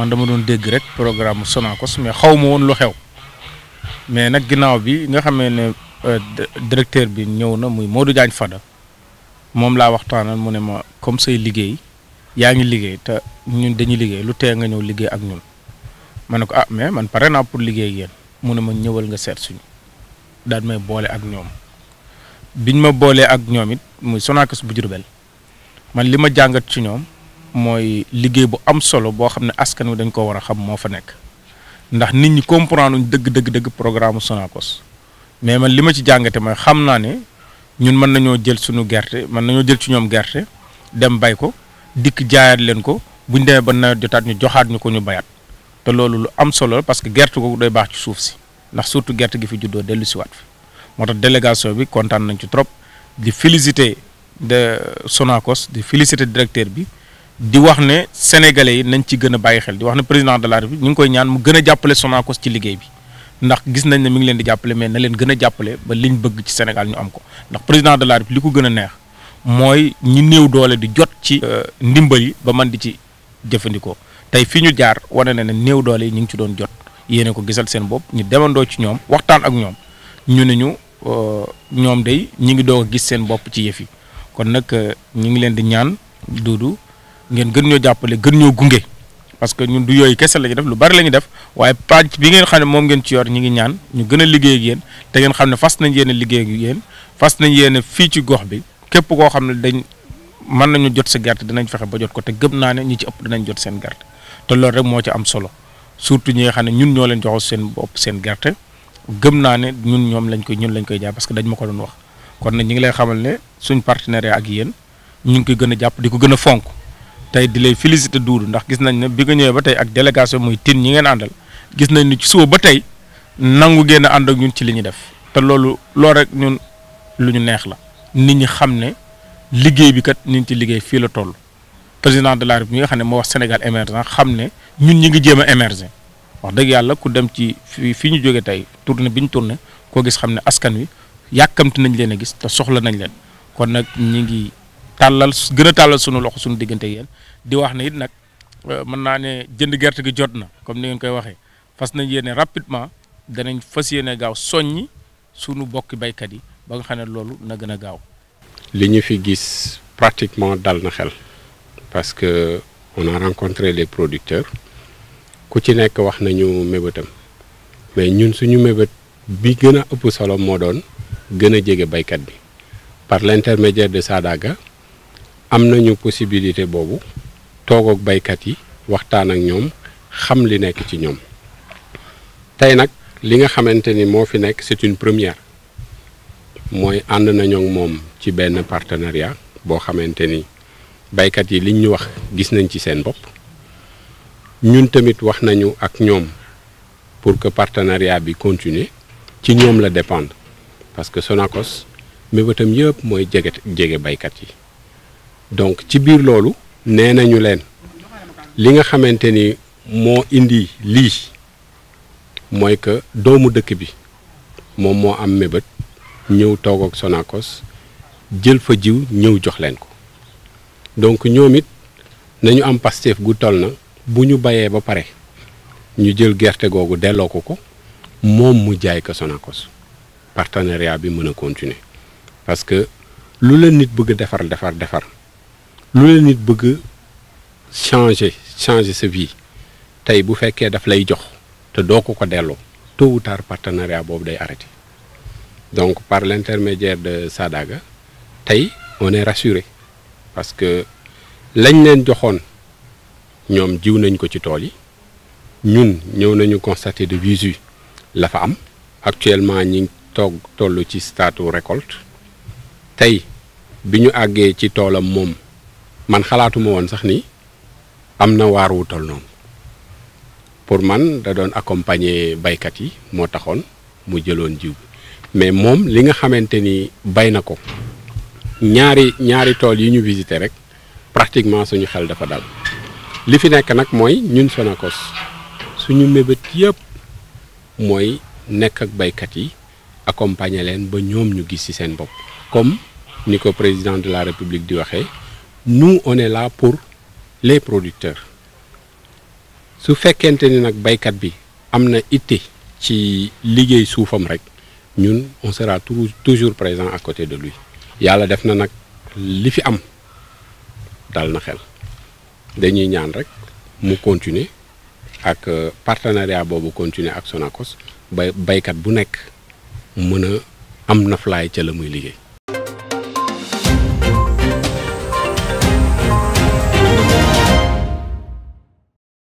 man dama doon dégg rek programme Sonacos mais xaw ma woon lu xew mais nag ginnaaw bi nga xamee ne euh, directeur bi ñëw na muy Modou jaañ Fada moom laa waxtaanal mu ne ma comme say liggéey yaa ngi liggéey te ñun dañuy liggéey lu tee nga ñëw liggéey ak ñun ma ne ko ah mais man pare naa pour liggéey yéen mu ne ma ñëwal nga seet suñu daal may boole ak ñoom biñ ma boolee ak ñoom it muy Sonacos bu Jurbel man li ma jàngat ci mooy liggéey bu am solo boo xam ne askan wi dañ ko war a xam moo fa nekk ndax nit ñi comprendre luñ dëgg dëgg dëgg programme Sonacos mais man li ma ci jàngate mooy xam naa ne ñun mën nañoo jël suñu gerte mën nañoo jël ci ñoom gerte dem bay ko dikk jaayaat leen ko bu ñu demee ba nawet jotaat ñu joxaat ñu ko ñu bayaat te loolu lu am solo parce que gerte googu day baax ci suuf si ndax surtout gerte gi fi juddoo dellu si waat fi moo tax délégation bi kontaan nañ ci trop di féliciter de Sonacos di féliciter directeur bi. di wax ne sénégalais yi nañ ci gën a bàyyi xel di wax ne président de la république ñu ngi koy ñaan mu gën a jàppale Sonacos ci liggéey bi ndax gis nañ ne mi ngi leen di jàppale mais na leen gën a jàppale ba liñ bëgg ci Sénégal ñu am ko ndax président de la république li ko gën a neex mooy ñi néew doole di jot ci euh, ndimba yi ba man di ci jëfandikoo tey fi ñu jaar wane na ne néew doole yi ñu ngi ci doon jot yéene ko gisal seen bopp ñu demandoo ci ñoom waxtaan ak ñoom ñu ne ñu euh, ñoom day ñu ngi doog gis seen bopp ci yëf yi kon nag euh, ñu ngi leen di ñaan duudu ngeen gën ñoo jàppale gën ñoo gunge parce que ñun du yooyu kese lañu def lu bari lañu def waaye pàcc bi ngeen xam ne moom ngeen ci yor ñu ngi ñaan ñu gën a liggéey ak yéen te ngeen xam ne fas nañ yéen liggéey ak fas nañ yéen fii ci gox bi képp koo xam ne dañ mën nañu jot sa gerte dinañ fexe ba jot ko te gëm naa ne ñi ci ëpp dinañ jot seen gerte te loolu rek moo ci am solo surtout ñi xam ne ñun ñoo leen joxo seen bopp seen gerte gëm naa ne ñun ñoom lañ koy ñun lañ koy jaay parce que dañ ma ko doon wax kon nag ñu ngi lay xamal ne suñ partenariat ak yéen ñu ngi koy gën a jàpp di ko gën a fonk tey di lay félicité duudu ndax gis nañ ne bi nga ñëwee ba tey ak délégation muy tin ñi ngeen àndal gis nañ ni ci suba ba tey nangu génn ànd ak ñun ci li ñuy def te loolu lool rek ñun lu ñu neex la nit ñi xam ne liggéey bi kat ñu ngi ci liggéey fii la toll président de la République mi nga xam ne moo wax Sénégal émergent xam ne ñun ñi ngi jéem a émerger wax dëgg yàlla ku dem ci fi fii ñu jóge tey tournée bi ñu tourné koo gis xam ne askan wi yàkkamti nañ leen a gis te soxla nañ leen Talal, gëna talal suñu sunu loxo sunu diggante yéen di wax ne it nag euh, mën na né jënd gerte gi jotna comme ni ngeen koy waxé fas nañ rapidement danañ fas gaaw soññi sunu bokki baykat yi ba nga xam loolu na gëna gaaw. li ñu fi gis pratiquement dal na xel parce que on a rencontré les producteurs ku ci nekk wax nañu mébétam mais ñun suñu mébét bi gëna ëpp solo mo doon gëna baykat bi par l'intermédiaire de Sadaga am nañu possibilité boobu toog ak baykat yi waxtaan ak ñoom xam li nekk ci ñoom tey nag li nga xamante ni moo fi nekk c'est une première mooy ànd nañoo moom ci benn partenariat boo xamante baykat yi liñ wax gis nañ ci seen ñun tamit wax nañu ak ñoom pour que partenariat bi continuer ci la dépendre parce que Sonacos mébétam yëpp mooy jege jege baykat yi donc ci biir loolu nee nañu leen li nga xamante ni moo indi lii mooy que doomu dëkk bi moom moo am mébét ñëw toog ak sonakos jël fa jiw ñëw jox leen ko donc ñoom it nañu am Pastef gu toll na bu ñu bayee ba pare ñu jël gerte googu delloo ko ko moom mu jaay ko Sonacos partenariat bi mën a continuer parce que lu leen nit bëgg defar defar defar lu nit bëgg changer changer sa vie tey bu fekkee daf lay jox te doo ko ko delloo tôt ou tard partenariat boobu day arrêté donc par l'intermédiaire de Sadaga tey on est rassuré parce que lañ leen joxoon ñoom jiw nañ ko ci tool yi ñun ñëw nañu constater de visu la fa am actuellement ñi ngi toog toll ci stade récolte tey bi ñu àggee ci toolam moom man xalaatuma woon sax ni am na waar wu toll noonu pour man da doon accompagner baykat yi moo taxoon mu jëloon jiw mais moom li nga xamante ni bay na ko ñaari ñaari tool yi ñu visité rek pratiquement suñu xel dafa dal li fi nekk nag mooy ñun Sonacos suñu mébét yëpp mooy nekk ak baykat yi accompagner leen ba ñoom ñu gis ci seen bopp comme ni ko président de la république di waxee nous on est là pour les producteurs su fekkente ni nag baykat bi amna na ci liggéey soufam rek ñun on sera toujours présent à côté de lui yalla def na nag li fi am dal na xel dañuy ñaan rek mu continuer ak euh, partenariat bobu continuer ak Sonacos baykat bu nek mëna am na flaay ca la muy liggéey